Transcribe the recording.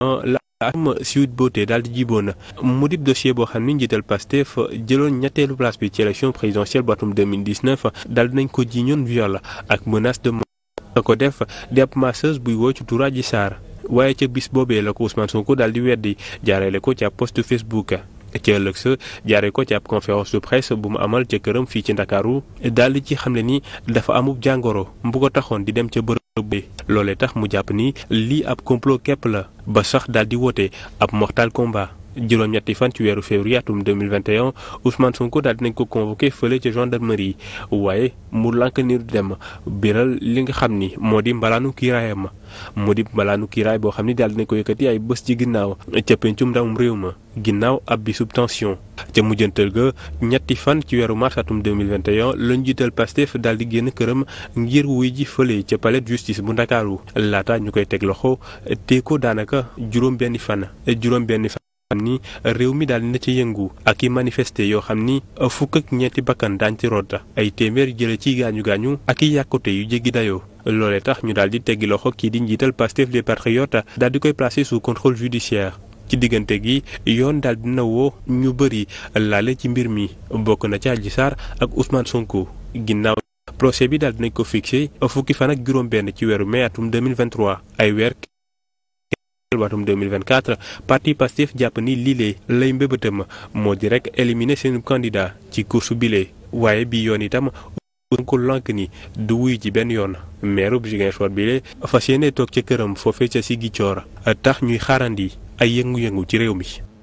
la am Sweet Beauté daal di jiboon mu dib dossier boo xam ni njiital Pastef jëloon ñetteelu place bi ci élection présidentielle batum 2019 daal dinañ ko jiiñoon viol ak menace de mort la ko def di ab masseuse buy woo ci Toura ji saar waaye ca bis boobee la ko Ousmane Sonko daal di weddi jaareele ko ci ab post Facebook ci ëllëg sa jaare ko ci ab conférence de presse bu mu amal ca këram fii ci Ndakaaru daal di ci xamle ni dafa amub jàngoro bu ko taxoon loolee tax mu jàpp ni lii ab complot képp la ba sax daal di woote ab mortal combat juróom-ñetti fan ci weeru février atum 2021 Ousmane Sonko daal dinañ ko convoqué fële ci gendarmerie waaye mu lànk ni du dem biral li nga xam ni moo di mbalaanu kiiraayam moo di mbalaanu kiiraay boo xam ni daal dinañ ko yëkkati ay bés ci ginnaaw ca pencum ndawum réew ma ginnaaw ab bi subtention ca mujjantal ga ñetti fan ci weeru mars atum 2021 lañ jiital Pastef daal di génn këram ngir wuy ji fële ca palais de justice bu Ndakaaru laata ñu koy teg loxo te ko daanaka juróom benni juróom benni fan xam ni réew mi daal na ci yëngu ak i manifester yoo xam ni fukk ak ñeenti bakkan daañ ci rodd ay téeméer jële ci gaañu gaañu ak i yàkkute yu jéggi dayo loole tax ñu daal di teggi loxo kii di njiital Pastef les Patriotes daal di koy placé sous contrôle judiciaire. ci diggante gi yoon daal dina woo ñu bëri laale ci mbir mi bokk na ci Adji Sarr ak Ousmane Sonko ginnaaw procès bi daal dinañ ko a fukki fan ak juróom benn ci weeru mai atum 2023 ay weer watum 2024 parti Pastef jàpp ni lile lay mbébétam moo di rek éliminer seen candidat ci course bile waaye bi yoon itam ko lank ni du wuy ji benn yoon maire bu Ziguinchor bile fa yéene toog ca këram foofee ca Ziguinchor tax ñuy xaarandi ay yëngu-yëngu ci réew mi